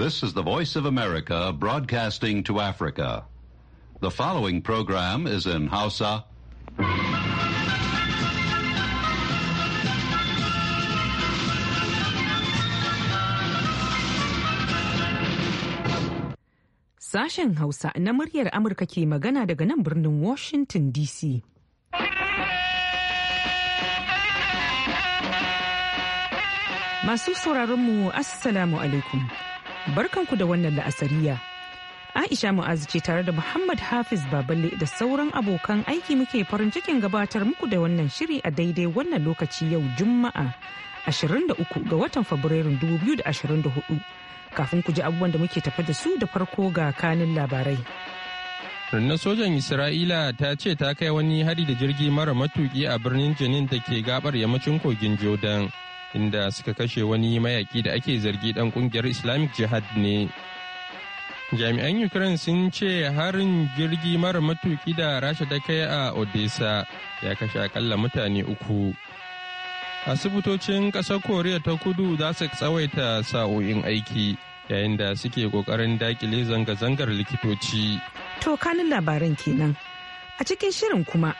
This is the Voice of America broadcasting to Africa. The following program is in Hausa. Sashen Hausa na muryar Amurka ke magana daga nan birnin Washington DC. Masu sauraronmu Assalamu alaikum. barkanku da wannan la'asariya. Aisha Mu'azu ce tare da Muhammad Hafiz Baballe da sauran abokan aiki muke farin cikin gabatar muku da wannan shiri a daidai wannan lokaci yau Juma'a 23 ga watan Fabrairun 2024. Kafin ku ji abubuwan da muke tafa da su da farko ga kanin labarai. Rundunar sojan Isra'ila ta ce ta kai wani hari da jirgi mara matuki a birnin Jenin da ke gabar yammacin kogin Jordan. inda suka kashe wani mayaki da ake zargi dan kungiyar islamic jihad ne jami'an ukraine sun ce harin jirgi mara matuki da rasha ta kai a odessa ya kashe akalla mutane uku asibitocin ƙasar Korea ta kudu za su tsawaita sa'o'in aiki yayin da suke ƙoƙarin dakile zanga-zangar likitoci to kanin labarin kenan a cikin shirin kuma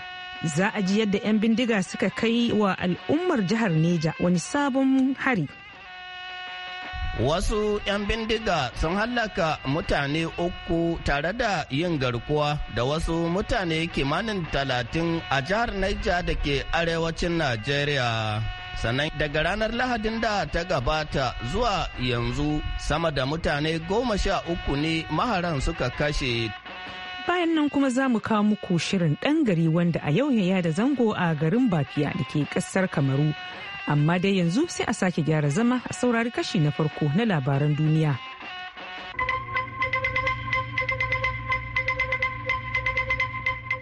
za a ji yadda 'yan bindiga suka kai wa al'ummar jihar neja wani sabon hari Wasu 'yan bindiga sun hallaka mutane uku tare da yin garkuwa da wasu mutane kimanin talatin a jihar Neja da ke arewacin Najeriya. Sannan daga ranar Lahadin da ta gabata zuwa yanzu sama da mutane goma sha uku ne maharan suka kashe bayan nan kuma za mu kawo muku shirin ɗan gari wanda a yau ya da zango a garin bafiya da ke ƙasar kamaru amma dai yanzu sai a sake gyara zama a saurari kashi na farko na labaran duniya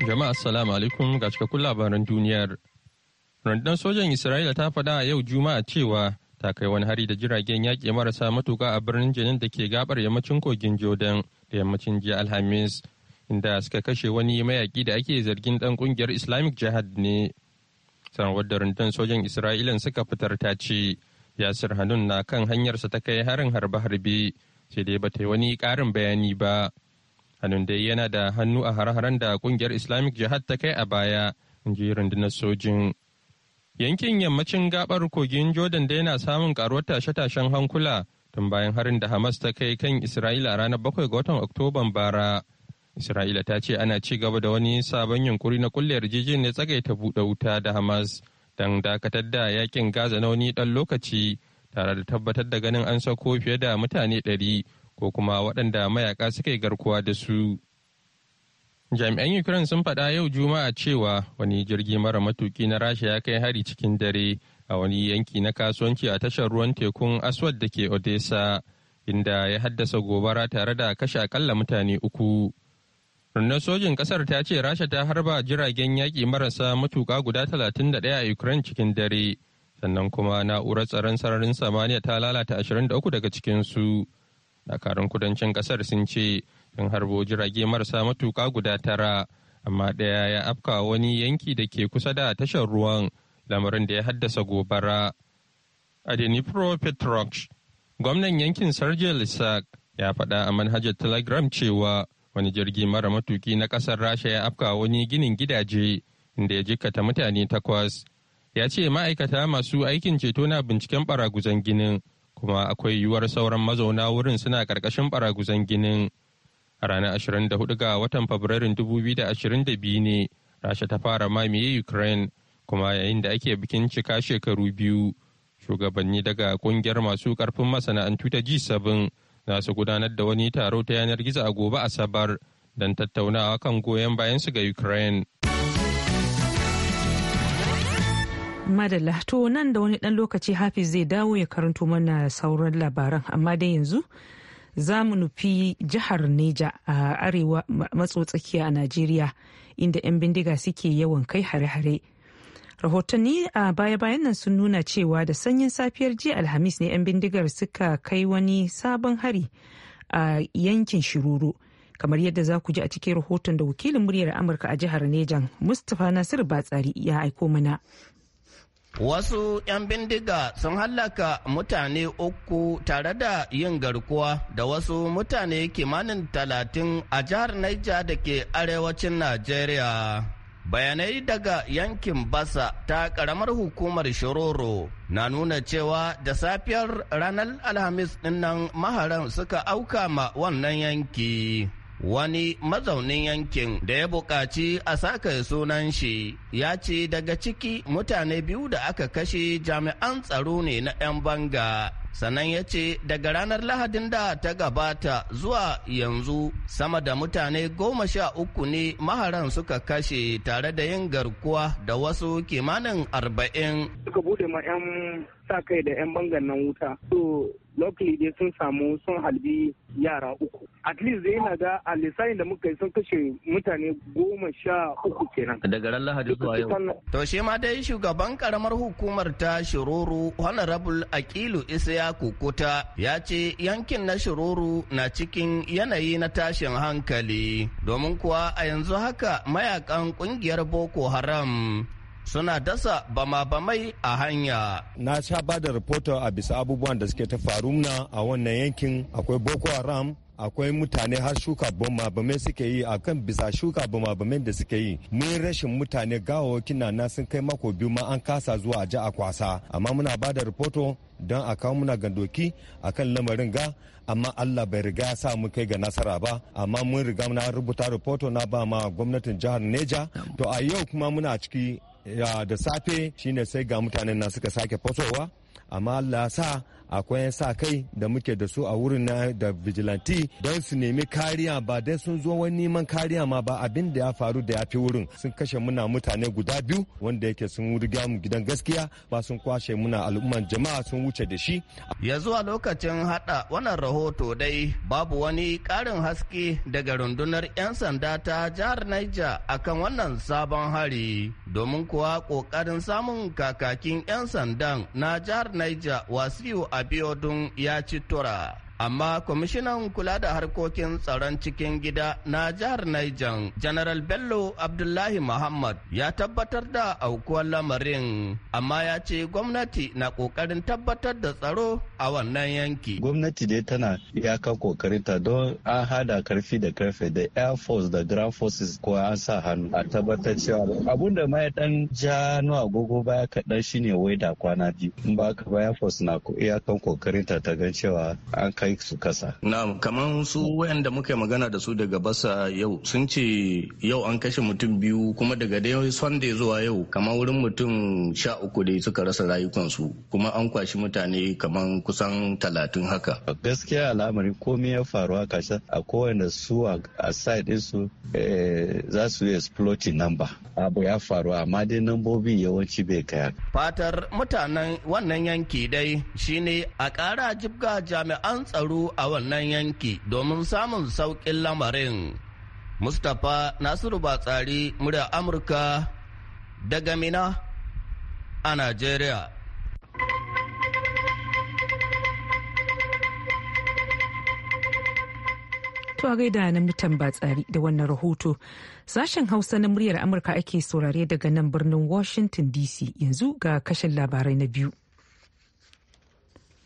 jama'a assalamu alaikum ga cikakkun labaran duniyar rundunar sojan isra'ila ta faɗa a yau juma'a cewa ta kai wani hari da jiragen yaƙi marasa matuƙa a birnin jenin da ke gabar yammacin kogin jordan da yammacin jiya alhamis inda suka kashe wani mayaƙi da ake zargin ɗan ƙungiyar islamic jihad ne sanarwar da rundunar sojan isra'ila suka fitar ta ce yasir hanun na kan hanyarsa ta kai harin harbe-harbe sai dai bata yi wani ƙarin bayani ba hanun dai yana da hannu a har-haren da ƙungiyar islamic jihad ta kai a baya in ji rundunar sojin yankin yammacin gabar kogin jordan dai yana samun karuwar tashe-tashen hankula tun bayan harin da hamas ta kai kan isra'ila ranar bakwai ga watan oktoban bara Isra'ila ta ce ana ci gaba da wani sabon yunkuri na kulle yarjejeniyar ta buɗe wuta da Hamas don dakatar da yakin Gaza na wani ɗan lokaci tare da tabbatar da ganin an sako fiye da mutane ɗari ko kuma waɗanda mayaka suka yi garkuwa da su. Jami'an Ukraine sun faɗa yau Juma'a cewa wani jirgi mara matuki na Rasha ya kai hari cikin dare a wani yanki na kasuwanci a tashar ruwan tekun Aswad da ke Odessa inda ya haddasa gobara tare da kashe akalla mutane uku. Rundunar sojin kasar ta ce Rasha ta harba jiragen yaƙi marasa matuƙa guda 31 a Ukraine cikin dare, sannan kuma na'urar tsaron sararin samaniya ta lalata 23 daga cikinsu. Dakarun kudancin kasar sun ce sun harbo jirage marasa matuƙa guda tara, amma ɗaya ya afka wani yanki da ke kusa da tashar ruwan, lamarin da ya haddasa gobara. A gwamnan yankin Sergei Lisak ya faɗa a manhajar Telegram cewa wani jirgi mara matuki na kasar rasha ya afka wani ginin gidaje inda ya jikkata mutane takwas ya ce ma'aikata masu aikin ceto na binciken baraguzan ginin kuma akwai yiwuwar sauran mazauna wurin suna karkashin baraguzan ginin a ranar 24 ga watan fabrairun 2022 ne rasha ta fara mamaye ukraine kuma yayin da ake bikin cika shekaru biyu shugabanni daga kungiyar masu karfin masana'antu ta g7 za su gudanar da wani taro ta yanar gizo a gobe asabar don tattaunawa kan goyon bayan su ga ukraine madalla to nan da wani dan lokaci hafiz zai dawo ya karanto mana sauran labaran amma dai yanzu za mu nufi jihar neja a arewa matso tsakiya a najeriya inda 'yan bindiga suke yawan kai hare-hare rahotanni a baya-bayan nan sun nuna cewa da sanyin safiyar jiya alhamis ne 'yan bindigar suka kai wani sabon hari a yankin shiruru kamar yadda za ku ji a cikin rahoton da wakilin muryar amurka a jihar nejan mustapha nasiru batsari ya aiko mana Wasu 'yan bindiga sun hallaka mutane uku tare da yin garkuwa da wasu mutane kimanin talatin a jihar Naija da ke arewacin Najeriya. bayanai daga yankin basa ta karamar hukumar shiroro na nuna cewa da safiyar ranar alhamis dinnan maharan suka auka ma wannan yanki wani mazaunin yankin da ya buƙaci a saka sunan shi ya ce daga ciki mutane biyu da aka kashe jami'an tsaro ne na 'yan banga sannan ya ce daga ranar lahadin da ta gabata zuwa yanzu sama da mutane goma sha uku ne maharan suka kashe tare da yin garkuwa da wasu kimanin arba'in suka bude ma 'yan sa kai da 'yan bangan nan wuta luckily dai sun samu sun halbi yara uku at least dai na ga a lissafin da muka yi sun kashe mutane goma sha uku kenan daga ran lahadi zuwa yau to shi ma dai shugaban karamar hukumar ta shiroro honorable akilu ya kukuta ya ce yankin na Shiruru na cikin yanayi na tashin hankali domin kuwa a yanzu haka mayakan kungiyar boko haram suna dasa bama-bamai a hanya. Na sha ba da rahoton a bisa abubuwan da suke ta faru na a wannan yankin akwai Boko Haram akwai mutane har shuka bama-bamai suke yi a kan bisa shuka bama-bamai da suke yi mun rashin mutane gawawaki na sun kai mako biyu ma an kasa zuwa a ji a kwasa amma muna ba da rahoto don a kawo muna gandoki a kan lamarin ga amma allah bai riga ya sa mun kai ga nasara ba amma mun riga na rubuta rahoto na ba ma gwamnatin jihar neja to a yau kuma muna ciki da safe shine sai ga mutanen na suka sake fasowa amma Allah sa akwai sa kai da muke da su a wurin na da vigilante don su nemi kariya ba dai sun zo wani neman kariya ma ba abin da ya faru da ya fi wurin sun kashe muna mutane guda biyu wanda yake sun riga mu gidan gaskiya ba sun kwashe muna al'umman jama'a sun wuce da shi. Ya a lokacin hada wannan rahoto dai babu wani karin haske daga rundunar 'yan sanda ta jihar Niger akan wannan sabon hari domin kuwa kokarin samun kakakin 'yan sandan na jihar Niger wasiu abiodun ya ci tura amma kwamishinan kula da harkokin tsaron cikin gida na jihar Niger General Bello Abdullahi Muhammad ya tabbatar da aukuwar lamarin amma ya ce gwamnati na kokarin tabbatar da tsaro a wannan yanki. Gwamnati dai tana iyaka ta don an hada karfi da karfe da Air Force da Ground Forces ko an sa hannu a tabbatar cewa abun da ma ya dan ja agogo baya kaɗan shine wai da kwana biyu in ba ka baya Force na iyakan kokarinta ta gan cewa an kai kai su kasa. Na'am, kamar su wayanda muka magana da su daga basa yau sun ce yau an kashe mutum biyu kuma daga dai Sunday zuwa yau kamar wurin mutum sha uku dai suka rasa rayukansu kuma an kwashi mutane kamar kusan talatin haka. Gaskiya al'amari komai ya faru kasa a kowane su a side su eh, za su yi exploiting number. Abu ya faru amma dai nambobin yawanci bai kaya. Fatar mutanen wannan yanki dai shine a kara jibga jami'an tsaro tsaro a wannan yanki domin samun sauƙin lamarin. Mustapha Nasiru Batsari murya Amurka daga Mina a Najeriya. To a gaida na mutan batsari da wannan rahoto. Sashen Hausa na muryar Amurka ake saurare daga nan birnin Washington DC yanzu ga kashin labarai na biyu.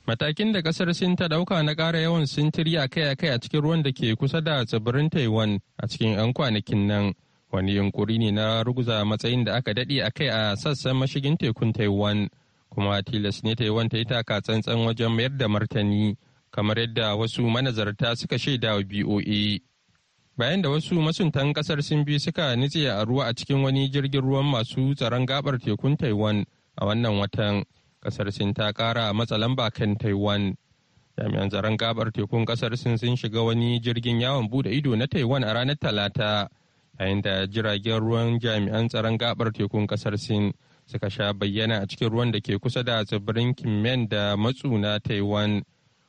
Matakin da kasar Sin ta dauka na ƙara yawan sintiri akai-akai a cikin ruwan da ke kusa da tsibirin Taiwan a cikin 'yan kwanakin nan wani yunkuri ne na ruguza matsayin da aka daɗe kai a sassan mashigin tekun Taiwan kuma tilas ne Taiwan ta yi taka tsantsan wajen mayar da martani kamar yadda wasu manazarta suka shaida wa BOA. Bayan da wasu masuntan kasar Sin biyu suka nitse a ruwa a cikin wani jirgin ruwan masu tsaron gaɓar tekun Taiwan a wannan watan. kasar sin ta kara matsa lamba kan taiwan jami'an tsaron gabar tekun kasar sin sun shiga wani jirgin yawon bude ido na taiwan a ranar talata yayin da jiragen ruwan jami'an tsaron gabar tekun kasar sin suka sha bayyana a cikin ruwan da ke kusa da tsibirin kimen da matsu na taiwan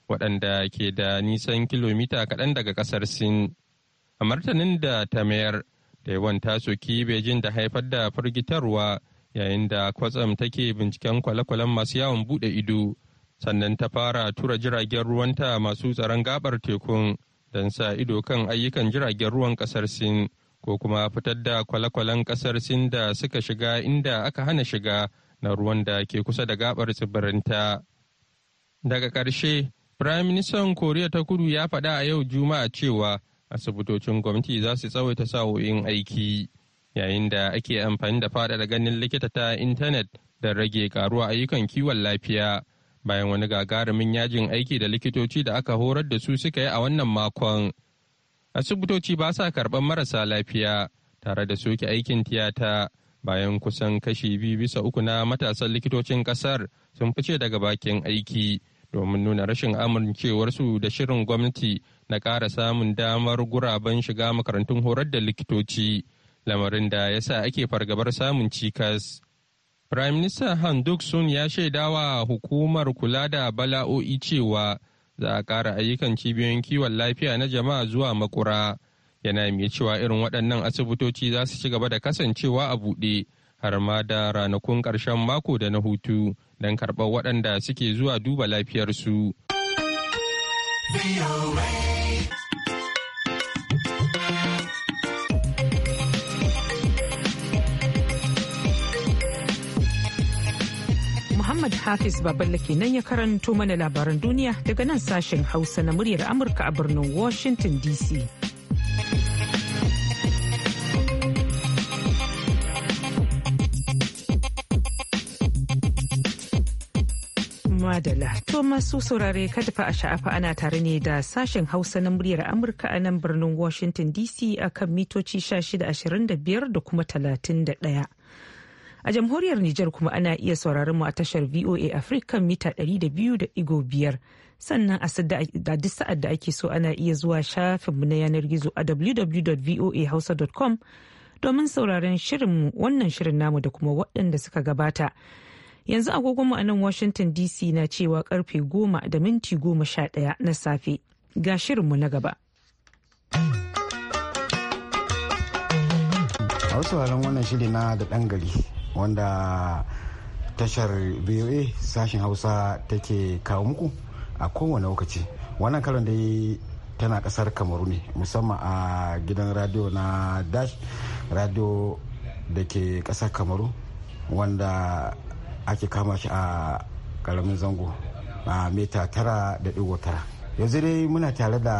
waɗanda ke da nisan kilomita kaɗan daga kasar sin a martanin da ta mayar taiwan ta soki beijing da haifar da firgitarwa yayin da kwatsam take binciken kwale-kwalen masu yawon bude ido sannan ta fara tura jiragen ruwanta masu tsaron gabar tekun don sa ido kan ayyukan jiragen ruwan kasar sin ko kuma fitar da kwale-kwalen kasar sin da suka shiga inda aka hana shiga na ruwan da ke kusa da gabar tsibirinta daga karshe firayim ministan koriya ta kudu ya faɗa a yau juma'a cewa asibitocin gwamnati za su tsawaita sa'o'in aiki yayin da ake amfani da faɗaɗa ganin likita ta intanet da rage karuwa ayyukan kiwon lafiya bayan wani gagarumin yajin aiki da likitoci da aka horar da su suka yi a wannan makon asibitoci ba sa karɓar marasa lafiya tare da soke aikin tiyata bayan kusan kashi biyu bisa uku na matasan likitocin ƙasar sun fice daga bakin aiki domin nuna rashin amincewarsu da shirin gwamnati na ƙara samun damar guraben shiga makarantun horar da likitoci lamarin da ya sa ake fargabar samun cikas. Prime Minister Han Duk Sun ya shaidawa hukumar kula da bala'o'i cewa za a ƙara ayyukan cibiyoyin kiwon lafiya na jama'a zuwa makura. Yana mai cewa irin waɗannan asibitoci za su ci gaba da kasancewa a buɗe har ma da ranakun ƙarshen mako da na hutu don karɓar waɗanda suke zuwa duba lafiyarsu. Muhammad Hafiz Baballe kenan ya karanto mana labaran duniya daga nan sashen Hausa na muryar Amurka a birnin Washington DC. Madala. To masu saurare katafa a sha'afa ana tare ne da sashen Hausa na muryar Amurka a nan birnin Washington DC a kan mitoci 1625 da kuma 31. A jamhuriyar Nijar kuma ana iya sauraron mu a tashar VOA Africa mita 200.5 sannan a duk sa'ad da ake so ana iya zuwa shafinmu na yanar gizo a www.voahausa.com domin sauraron shirinmu wannan shirin namu da kuma waɗanda suka gabata. Yanzu agogonmu a nan Washington DC na cewa karfe goma da minti goma sha ɗaya na safe ga shirinmu na gaba. A wasu wannan shiri na da ɗan gari wanda tashar voa sashen hausa take kawo muku a kowane lokaci wannan karon dai tana kasar kamaru ne musamman a gidan radio na dash radio da ke kasar kamaru wanda ake kama shi a karamin zango a mita tara da digo tara yanzu dai muna tare da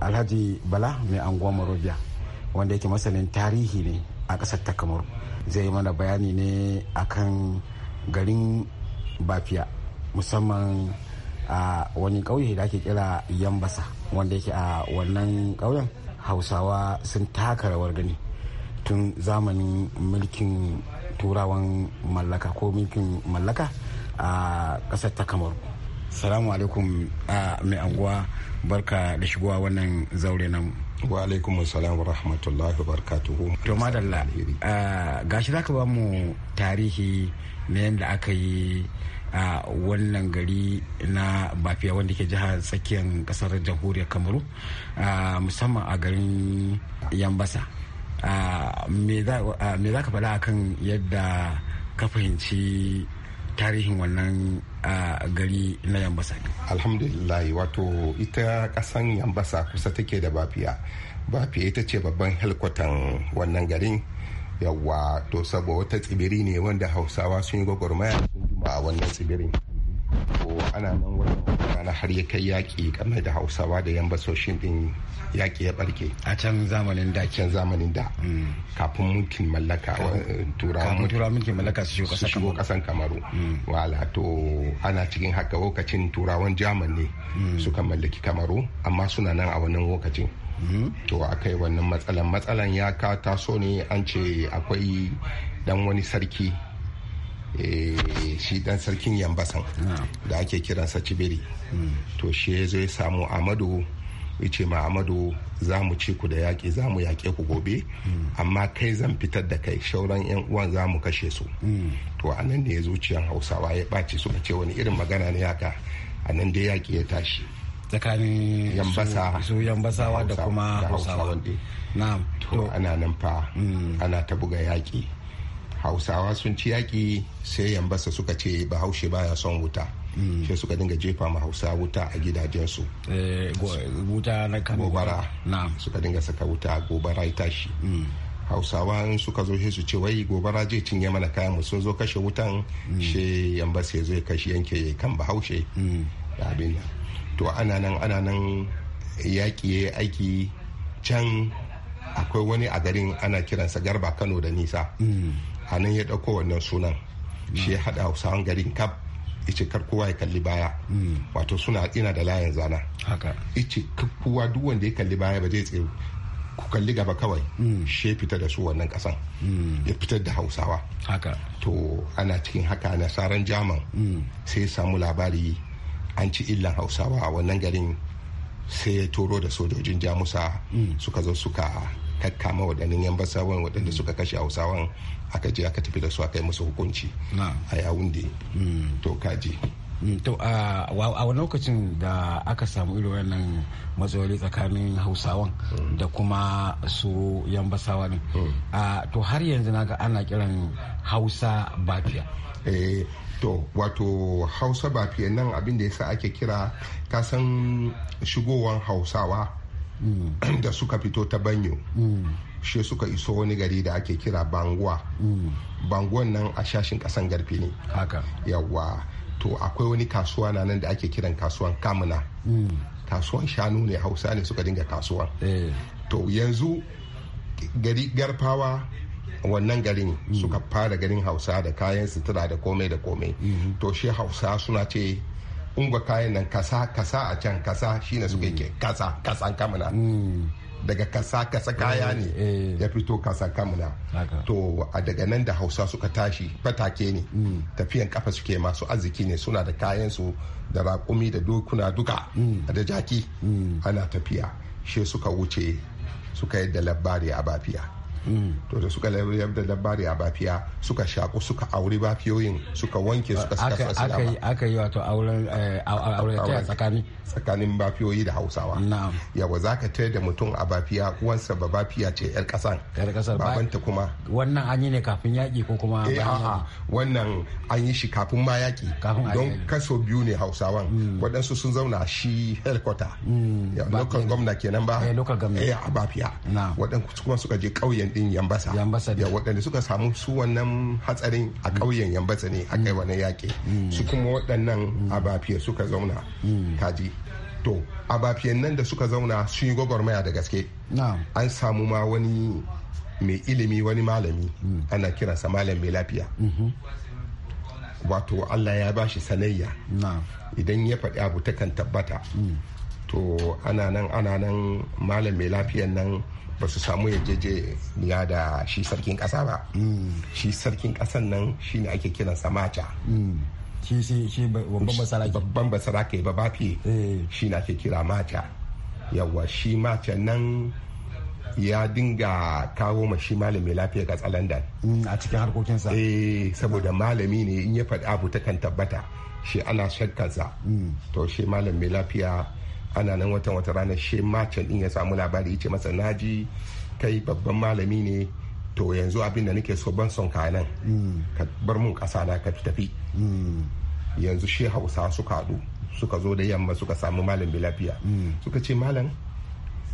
alhaji bala mai anguwa marobiya wanda yake masanin tarihi ne a kasar ta kamaru zai mana bayani ne akan garin bafiya musamman a wani ƙauye da ake kira yambasa wanda yake a wannan ƙauyen hausawa sun taka rawar gani tun zamanin mulkin turawan mallaka ko mulkin mallaka a ƙasar ta kamaru salamu alaikum a mai anguwa barka da shigowa wannan zaure namu wa alaikum salam wa rahmatullahi wa barakatuhu to madalla ah, gashi zaka ba mu tarihi na yadda aka yi a ah, wannan gari na bafiya wanda ke jihar tsakiyar kasar jamhuriyar kamaru ah, musamman a garin yambasa me za ka faɗa kan yadda ka fahimci tarihin wannan a gari na yambasa alhamdulillah wato ita kasan yambasa kusa take da bafiya bafiya ita ce babban helkwatan wannan garin yawa to saboda wata tsibiri ne wanda hausawa sun yi gwagwarmaya a wannan tsibirin ko ana nan wurin rana har ya kai yaƙi kamar da hausawa da yan basoshin din yaƙi ya barke a can zamanin da can zamanin da mm. kafin mulkin mallaka eh, turawa turawa mulkin mallaka su shigo kasan kamaru mm. wala to ana cikin haka lokacin turawan jaman ne mm. suka mallaki kamaru amma suna nan a wannan lokacin to akai wannan matsalan matsalan ya ka taso ne an ce akwai dan wani sarki Eh, shi dan sarkin yambasan da ake kiransa cibiri hmm. to shi ya samu amadu ya ce ma amadu za mu ci ku da yaƙi za mu yaƙe ku gobe hmm. amma kai zan fitar da kai shauran yan uwan za mu kashe su hmm. to a ne ya zuciyan hausawa ya ɓaci suka ce wani irin magana ne haka a nan dai yaƙi ya tashi tsakanin yambasa su yambasawa da kuma hausawa na to ana nan fa ana ta buga yaƙi hausawa sun ci yaƙi sai yambasa suka ce bahaushe baya son wuta hmm. Sai suka dinga jefa ma hausa wuta a gidajensu eh, wuta na gobara suka dinga saka wuta gobara ya tashi hmm. hausawa suka zo shi su ce wai gobara zai cinye mana kayan sun zo kashe wutan mm. shi yambasa zai kashe yanke kan bahaushe hmm. da abin to ana nan ana nan yaƙi aiki can akwai wani a garin ana kiransa garba kano da nisa mm. a ya ɗauko wannan sunan shi ya haɗa hausawan garin kaf ice kar kowa ya kalli baya hmm. wato suna ina da layin zana ice kowa duk wanda ya kalli baya ba zai tsaye ku kalli gaba kawai hmm. she fita da su wannan kasan hmm. ya fitar da hausawa to ana cikin haka nasaran jaman sai samu labari an ci illan hausawa a wannan garin sai ya toro da sojojin jamusa suka zo suka kama waɗannan yan basawan waɗanda suka kashe hausawan aka je aka tafi da su aka yi musu hukunci a yawun da hmm. to kaji hmm, to a wani lokacin da aka samu irin wannan matsaloli tsakanin hausawan hmm. da kuma su yan basawa to har yanzu naga ana kiran hausa bafiya eh, to wato hausa bafiya nan abin da sa ake kira kasan shigowar hausawa Mm. da suka fito ta banyo mm. shi suka iso wani gari da ake kira banguwa mm. banguwan nan a shashin kasan garfi ne yawwa to akwai wani kasuwa na nan da ake kiran kasuwan kamuna kasuwan shanu ne hausa ne suka dinga kasuwan eh. to yanzu gari garfawa wannan garin suka fara garin hausa da kayan sutura da komai da komai to shi hausa suna ce ungwa kayan nan kasa kasa a can kasa shine suka yake mm. kasa kasa kamuna mm. daga kasa kasa eh, kaya ne eh. ya fito kasa kamuna to a daga nan da hausa suka tashi fatake ne mm. tafiyan kafa suke masu arziki ne suna da kayan su da raƙumi da dokuna duka da jaki ana tafiya she suka wuce suka yi da labari a bafiya to da suka da labari a bafiya suka shaku suka auri bafiyoyin suka wanke suka saka salama aka yi wato eh, auren tsakani tsakanin bafiyoyi da hausawa yawa za ka tayar da mutum a bafiya uwansa ba bafiya ce yar kasan babanta kuma wannan an yi ne kafin yaƙi ko kuma eh wannan an yi shi kafin ma yaƙi don kaso biyu ne hausawan hmm. waɗansu sun zauna shi helicopter hmm. local gwamna kenan ba eh, eh, a bafiya waɗansu kuma suka je ƙauyen din yambasa ya waɗanda suka samu su wannan hatsarin a mm. ƙauyen yambasa ne a kai wani yaƙi mm. su kuma waɗannan mm. abafiya suka zauna taji to abafiyan nan da suka zauna sun yi gwagwarmaya da gaske an samu ma wani mai ilimi wani malami ana kiransa malam mai lafiya mm-hmm. wato allah ya ba shi sanayya idan ya faɗi abu ta kan tabbata to ana nan ana nan malam mai lafiyan nan ba su samu ya da shi sarkin kasa ba mm. shi sarkin kasan nan shi ne ake kiran samaja mm. shi babban basarake babban ba ba fiye eh. shi na ke kira mata yawa shi mata nan ya dinga kawo ma shi malami lafiya ga tsalandan mm, a cikin harkokinsa eh saboda malami ne in ya faɗi abu ta kan tabbata shi ana shakkarsa to shi malami lafiya ana nan watan wata ranar she macen din ya samu labari ya ce masa naji kai babban malami ne to yanzu abin da nake so ban son ka nan mm. ka bar mun kasa na ka tafi mm. yanzu she hausa suka haɗu suka zo da yamma suka samu malam bi lafiya mm. suka ce malam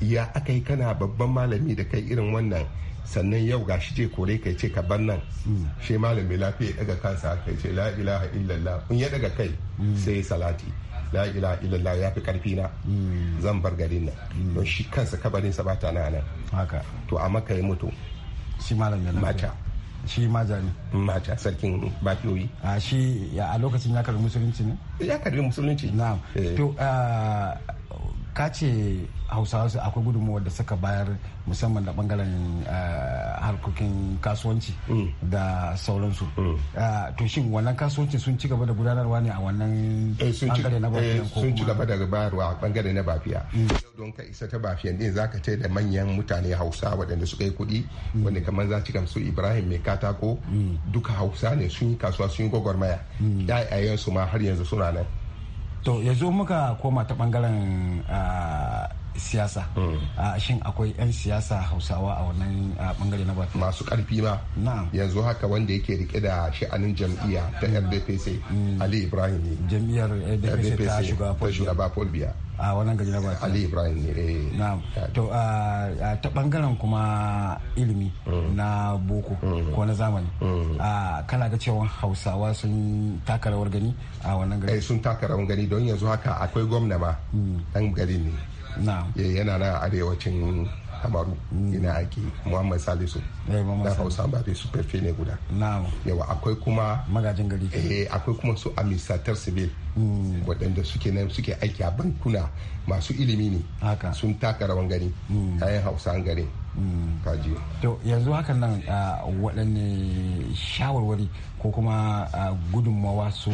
ya aka yi kana babban malami da kai irin wannan sannan yau ga shi je kore kai ce ka bar nan shi malam bi lafiya ya daga kansa kai ce la ilaha illallah in ya daga kai sai salati la ila illallah ya fi karfi na mm. zan bar garin nan mm. don shi kansa kabarin sa bata na nan haka to a maka ya mutu shi malam ya mata shi jami mata sarkin bafiyoyi a shi a lokacin ya karbi musulunci ne ya karbi musulunci na eh. to ah, ka ce hausawa su akwai gudunmuwar da suka bayar musamman da bangaren eh, harkokin kasuwanci mm. da sauransu mm. eh, to shin wannan kasuwanci sun ci gaba da gudanarwa ne a wannan bangare eh, na bafiya sun ci gaba da bayarwa a bangare na bafiya mm. Yau don ka isa ta bafiyan din zaka ce da manyan mutane hausa waɗanda suka yi kuɗi wanda kamar za ci su ibrahim mai katako duka hausa ne sun yi kasuwa sun yi gwagwarmaya yayayen ma har yanzu suna nan to yanzu muka koma ta bangaren ah, siyasa hmm. a shin akwai 'yan siyasa hausawa a wannan bangare na bata masu karfi ba yanzu haka wanda yake rike da sha'anin jam'iyya ta rdpc hmm. hmm. ali ibrahim ne jam'iyyar rdpc ta shugaba folbiya a wannan gari na bata ali ibrahim ne eh. na'am to ta bangaren kuma ilimi na boko ko na zamani kana ga cewa hausawa sun taka rawar gani a wannan gari eh, sun taka rawar gani don yanzu haka akwai gwamna ma dan gari ne Eh, yana na arewacin habaru. yana ake muhammad salisu eh, na hausa ba su superfe ne guda yawa akwai kuma magajin gari eh akwai kuma su amisatar civil hmm. waɗanda suke nan suke aiki a bankuna masu ilimi ne sun taka rawan gani hmm. kayan hausa an gari hmm. kaji to yanzu hakan nan ah, waɗanne shawarwari ko kuma gudunmawa su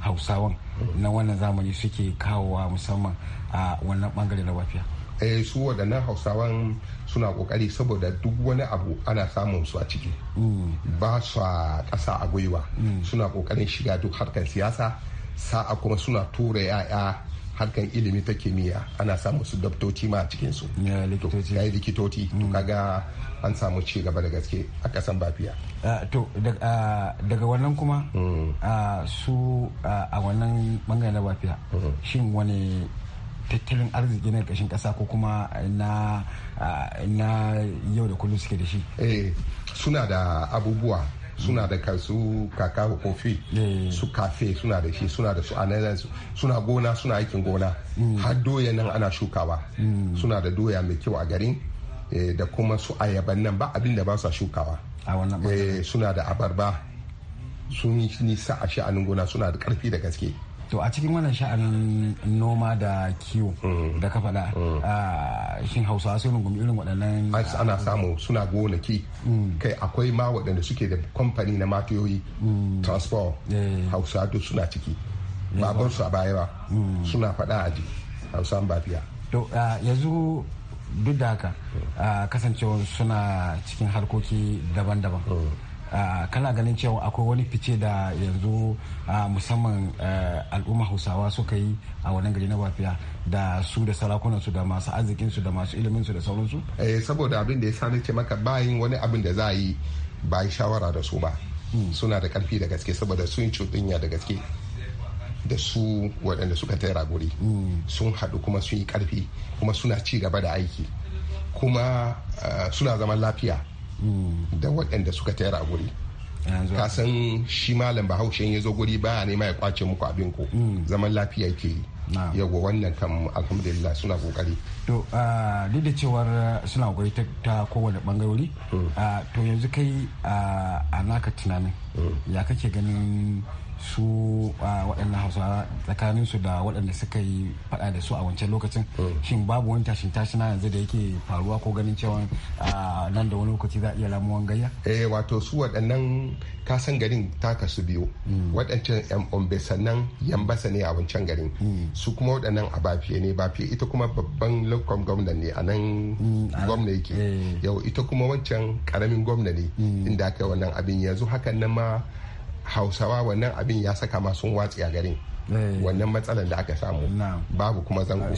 hausawan na wannan zamani suke kawowa musamman a wannan bangare na lafiya eh su waɗannan hausawan suna ƙoƙari saboda duk wani abu ana samun su a ciki mm. ba su a ƙasa a gwiwa mm. suna ƙoƙarin shiga duk harkar siyasa sa'a kuma suna tura 'ya'ya harkan ilimi ta kimiyya ana samun su daftoci ma a cikin su ya likitoci to hmm. kaga an samu ci gaba da gaske a kasan bafiya to daga wannan kuma hmm. su a wannan bangare na bafiya hmm. shin wani tattalin arziki na kashin kasa ko kuma na yau da kullum suke da shi eh, suna da abubuwa suna da kansu kaka kofi eh. su kafe suna da shi suna da su ananas suna gona suna aikin gona hmm. har doya nan ana shukawa hmm. suna da doya mai kyau a garin eh, da kuma su ayaban nan ba abin da ba su shukawa eh, suna da abarba sun nisa a sha'anin gona suna da karfi da gaske to a cikin wannan sha'anin noma da kiwo mm. da ka faɗa mm. shin hausawa sai rungumi irin waɗannan ana samu suna gonaki mm. kai akwai ma waɗanda suke da kamfani na matoyoyi transport eh. hausa duk suna ciki eh. baban su a baya ba suna faɗa a ji hausa ba fiya to yanzu duk da haka kasancewa suna cikin harkoki daban-daban Ah, kana ganin cewa akwai wani fice da yanzu ah, musamman eh, al'umma hausawa suka yi a wannan gari na bafiya da su da sarakunansu da masu su da masu ilimin su da sauransu? Eh, saboda abin da ya sani ce maka bayin wani abin da za a yi ba yi shawara da su ba hmm. suna da karfi da gaske saboda sun cuɗinya da gaske da su waɗanda suka tara guri hmm. sun haɗu kuma sun yi karfi kuma suna ci gaba da aiki kuma eh, suna zaman lafiya da waɗanda suka tayar a guri ka san shi malam bahaushe ya zo guri ba nema ya kwace muku abin ku mm. zaman lafiya ke yi yawa wannan kan alhamdulillah suna kokari to ah, duk da cewar suna kokari ta kowane bangarori mm. ah, to yanzu kai ah, a naka tunanin mm. ya kake ganin su ah, waɗannan hausawa tsakanin su da waɗanda suka yi faɗa da su a wancan lokacin mm. shin babu wani tashin na yanzu da yake faruwa ko ganin cewa ah, nan da wani lokaci za a iya lamuwan gayya eh wato su waɗannan kasan garin ta kasu biyu mm. waɗancan yan ombe sannan basa ne a wancan garin mm. su kuma waɗannan a bafiye ne bafiye ita kuma babban lokacin gwamna ne a nan gwamna yake eh. yau ita kuma wancan ƙaramin gwamna ne inda aka yi wannan abin yanzu hakan nan ma hausawa wannan abin ya saka masu watsi a garin eh. wannan matsalar da aka samu babu kuma zango ah,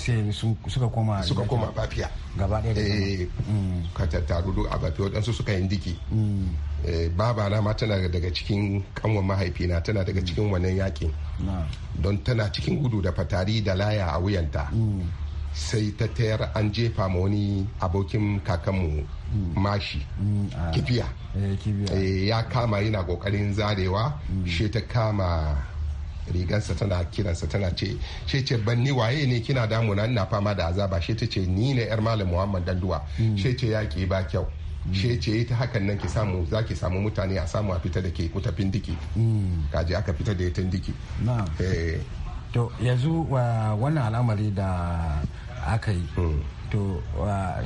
suka koma suka koma bafiya gaba da eh, mm. ka tattaru a bafiya waɗansu suka yi diki mm. eh, babana ma tana daga cikin kanwar mahaifina tana daga mm. cikin wannan yakin don tana cikin gudu da fatari da laya a wuyanta sai ta tayar an jefa ma wani abokin kakanmu mashi kifiya eh, eh, ya kama yana kokarin zarewa mm. shi ta kama rigansa tana kiransa tana ce shi ce banni waye ne kina damuna ina fama da azaba shi ta ce ni ne yar malam muhammad danduwa mm. shi ce yaƙi ba kyau mm. shi ce ta hakan nan ki samu za ki samu mutane a samu a fita da ke kuta diki kaji aka fita da ya tindiki eh. to yanzu wannan al'amari da aka yi hmm. to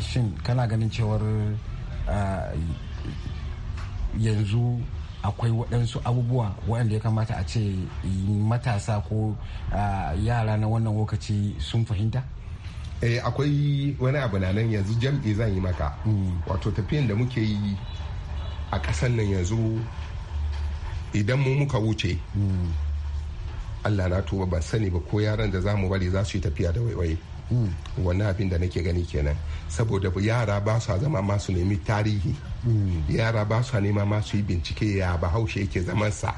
shin kana ganin cewar yanzu akwai waɗansu abubuwa waɗanda ya kamata a ce matasa ko yara na wannan lokaci sun fahimta? eh akwai wani abu na nan yanzu jam'i zan yi maka hmm. wato tafiyan da muke yi a ƙasar nan yanzu idan mu muka wuce hmm. allah na tuba ba sani ba ko yaran da za mu bari za su yi tafiya da waiwaye wani abin da nake gani kenan saboda yara ba su zama masu nemi tarihi yara ba su nema masu yi bincike ya bahaushe yake sa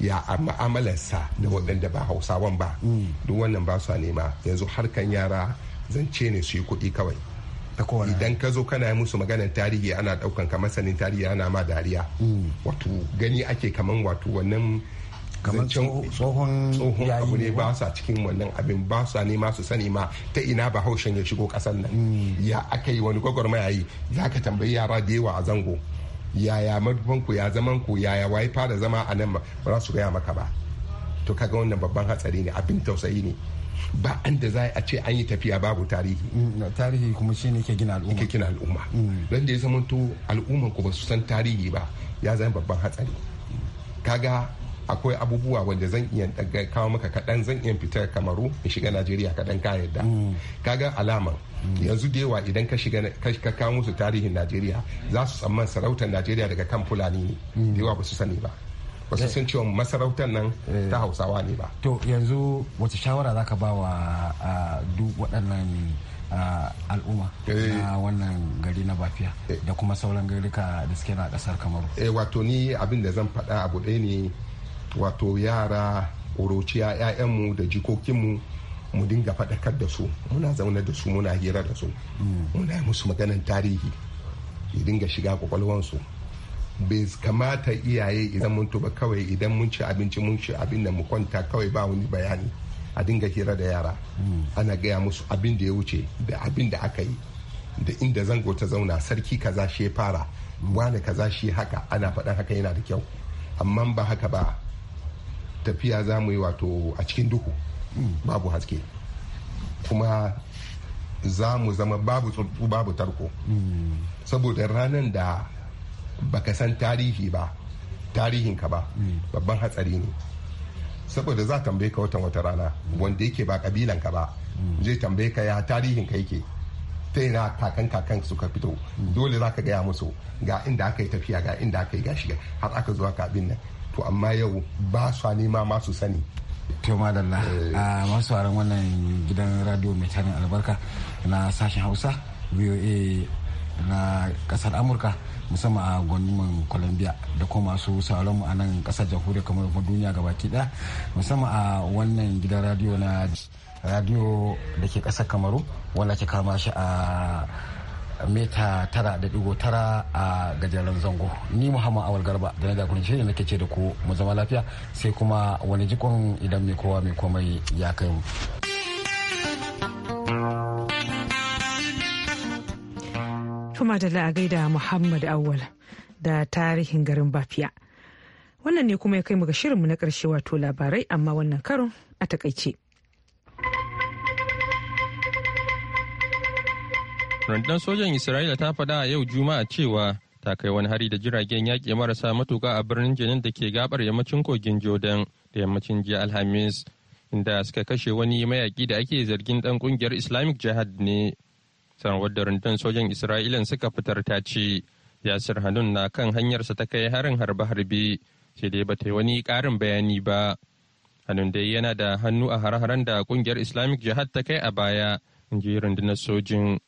ya ma'amalarsa da waɗanda ba hausawan ba duk wannan ba su nema yanzu harkan yara zance ne su yi kuɗi kawai idan ka zo kana musu maganar tarihi ana ɗaukan ka masanin tarihi ana ma dariya mm. wato gani ake kaman wato wannan kamar tsohon abu ne ba sa cikin wannan abin ba sa nema su sani ma ta ina bahaushen ya shigo kasar nan hmm. ya aka yi wani gwagwarmaya yi za ka tambayi yara da yawa a zango yaya madubanku ya zaman ku yaya waye fara zama a nan ba za su gaya maka ba to kaga wannan babban hatsari ne abin tausayi ne ba an da za a ce an yi tafiya babu tarihi hmm, tarihi kuma shi ne ke gina al'umma ke gina al'umma hmm. don da ya zama to al'umman ku ba su san tarihi ba ya zama babban hatsari kaga akwai abubuwa wanda zan iya kawo maka kaɗan zan iya fitar kamaru in shiga najeriya kaɗan ka yadda mm. kaga alaman mm. yanzu da yawa idan ka shiga ka kawo musu tarihin najeriya za su tsamman sarautar najeriya daga kan fulani ne mm. da yawa ba su sani ba ba su san cewa masarautar nan ta eh. hausawa ne ba to yanzu wata shawara za ka ba wa duk waɗannan al'umma eh. na wannan gari na bafiya eh. da kuma sauran garika da suke na ƙasar kamaru eh wato ni abin da zan faɗa abu ɗaya ne wato yara ƙorociya 'ya'yanmu da jikokinmu mu dinga faɗakar da su muna zaune da su muna hira da su muna yi musu maganan tarihi ya dinga shiga kwakwalwansu bai kamata iyaye idan mun tuba kawai idan mun ci abinci mun ci abin da mu kwanta kawai ba wani bayani a dinga hira da yara ana gaya musu abin da ya wuce da abin da aka yi da inda zango ta zauna sarki kaza shi ya fara wani kaza shi haka ana faɗan haka yana da kyau amma ba haka ba tafiya za mu yi wato a cikin duhu babu haske kuma za mu zama babu tsuntsu babu tarko saboda ranar da baka san tarihi ba tarihinka ba babban hatsari ne saboda za tambaye ka watan wata rana wanda yake ba kabilan ka ba zai tambaye ka ya tarihin ka yake ta yana kakan kakan suka fito dole za ka gaya musu ga inda aka yi tafiya ga inda aka yi gashi har aka zuwa kabin nan to amma yau ba su a nema ma su sani to madalla eh. a ah, masu aron wannan gidan radio mai tarin albarka na sashen hausa voa na kasar amurka musamman a gundumar colombia da kuma masu sauran mu a nan kasar jamhuriyar kamar kuma duniya baki daya musamman a wannan gidan radio na radio da ke kasar kamaru wanda ke kama shi a meta tara da digo tara a gajeren zango ni muhammad awal garba da na da jagorin shirin nake ce da ku mu zama lafiya sai kuma wani jikon idan mai kowa mai komai ya kai mu. kuma da la'agai da Muhammad Awal da tarihin garin Bafiya. Wannan ne kuma ya kai mu ga shirinmu na ƙarshe wato labarai amma wannan karon a takaice. rundunar sojan isra'ila ta faɗa a yau juma'a cewa ta kai wani hari da jiragen yaƙi marasa matuƙa a birnin jenin da ke gabar yammacin kogin jordan da yammacin jiya alhamis inda suka kashe wani mayaƙi da ake zargin ɗan ƙungiyar islamic jihad ne sanarwar da rundunar sojan isra'ila suka fitar ta ce yasir hanun na kan hanyarsa ta kai harin harbe-harbe sai dai bata yi wani ƙarin bayani ba hanun dai yana da hannu a hare-haren da ƙungiyar islamic jihad ta kai a baya in ji rundunar sojin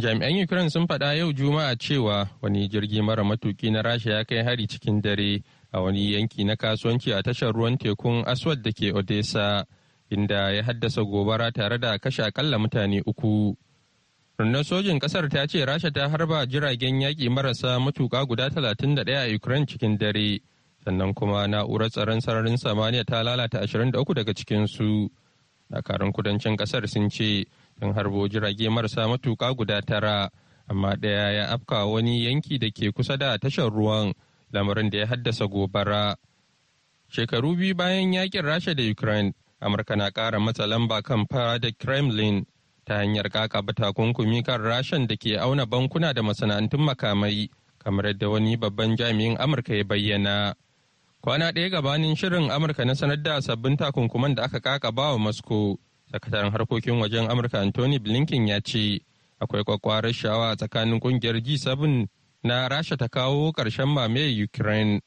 Jami'an Ukraine sun faɗa yau Juma'a cewa wani jirgi mara matuki na Rasha ya kai hari cikin dare a wani yanki na kasuwanci a tashar ruwan tekun Aswad da ke Odessa, inda ya haddasa gobara tare da kashe akalla mutane uku. Rundunar sojin kasar ta ce Rasha ta harba jiragen yaƙi marasa matuka guda 31 a Ukraine cikin dare, sannan kuma na'urar tsaron sararin samaniya ta lalata ashirin 23 daga cikin su Dakarun kudancin kasar sun ce in harbo jirage marasa matuka guda tara amma ɗaya ya afka wani yanki da ke kusa da tashar ruwan lamarin da ya haddasa gobara shekaru biyu bayan yakin rasha da ukraine amurka na ƙara matsa lamba kan fara da kremlin ta hanyar kaka bata takunkumi kan rashan da ke auna bankuna da masana'antun makamai kamar yadda wani babban jami'in amurka ya bayyana kwana ɗaya gabanin shirin amurka na sanar da sabbin takunkuman da aka kaka bawa moscow sakataren harkokin wajen amurka anthony blinken ya ce akwai kwakwarar shawa tsakanin kungiyar g7 na rasha ta kawo karshen mamaye ukraine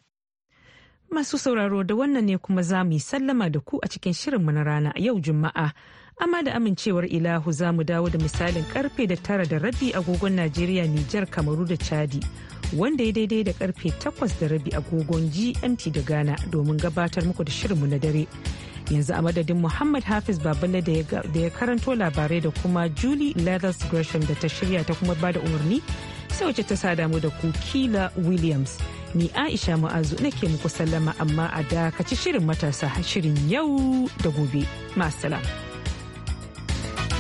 masu sauraro da wannan ne kuma za mu yi sallama da ku a cikin shirinmu na rana yau juma'a amma da amincewar ilahu za mu dawo da misalin karfe da tara da rabi agogon najeriya nijar kamaru da chadi wanda ya daidai da karfe takwas da rabi agogon gmt da ghana domin gabatar muku da shirinmu na dare yanzu a madadin muhammad hafiz baballe da ya karanto labarai da kuma julie leathers gresham da ta shirya ta kuma bada umarni sai wacce ta sada mu da ku kila williams ni aisha mu'azu nake muku sallama amma a dakaci shirin matasa shirin yau da gobe masu